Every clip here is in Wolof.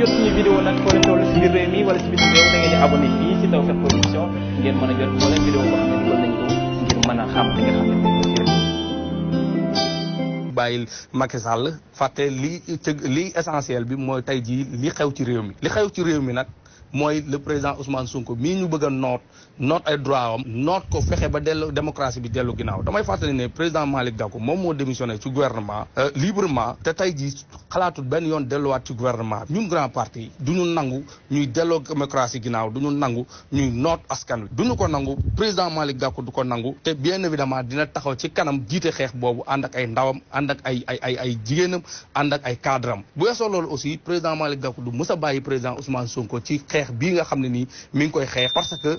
jot suñu vidéo nag foo leen toll si biir wala si biir réew da ngeen di abonné si Tawfekh Production ngeen mën jot ko ngir mën a xam li bàyyil Macky fàtte li essentiel bi mooy tey jii li xew ci réew mi li xew ci réew mi nag mooy le président Ousmane sunko mii ñu bëgg a noot noot ay droit am noot ko fexe ba dellu démocratie bi dellu ginnaaw damay fàttali ne président Malick Gakou moom moo démissionné ci gouvernement euh, librement te tey jii xalaatul benn yoon delluwaat ci gouvernement ñun grand parti du ñu nangu ñuy delloo démocratie ginnaaw du ñu nangu ñuy noot askan wi du ñu ko nangu président Malick Gakou du ko nangu te bien évidemment dina taxaw ci kanam jiite xeex boobu ànd ay ndawam ànd ak ay ay ay ay jigéenam ànd ak ay cadre am bu weesoo loolu aussi président a bàyyi président Ousmane Sonko ci xeex bii nga xam ne nii mi ngi koy xeex parce que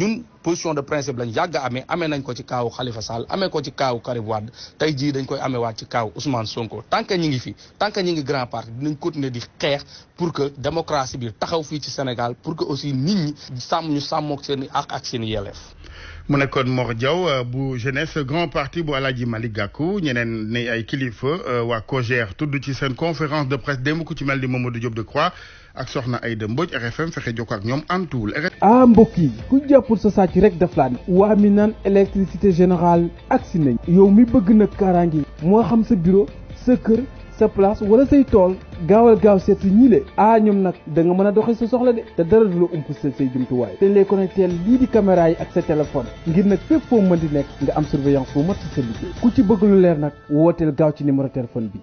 ñun position de principe lañ yàgg ame ame nañ ko ci kaaw Khalifa Sall amee ko ci kaaw Karim Wade tey jii dañ koy amee waat ci kaaw Ousmane Sonko tant que ñi ngi fi tant que ñi ngi grand parti dinañ continuer di xeex pour que démocratie bi taxaw fii ci Sénégal pour que aussi nit ñi sàmm ñu sàmmook seen i ak seen i mu nekkoon moo Diaw euh, bu jeunesse grand parti bu Alaaji Malick Gakou ñeneen ne ay kilifa euh, waa COJER tudd ci seen conférence de presse démb ku ci mel ni job de Decroix ak soxna Aïda Mbodj RFM fexe jokkoo ak ñoom antuwul. ah mbokk yi ku jàppul sa sàcc rek daf laa ne. waa mi naan électricité générale agsi nañ. yow mi bëgg nag kaaraange moo xam sa biro sa kër. sa place wala say tool gaawal gaaw seet si ñii le ah ñoom nag da nga mën a doxee sa soxla de te dara du la ump sa say jumtuwaay te ñu lay connecté lii di caméra ak sa téléphone ngir nag fépp foo mën di nekk nga am surveillance bu mat sa liggéey ku ci bëgg leer nag wooteel gaaw ci numéro téléphone bi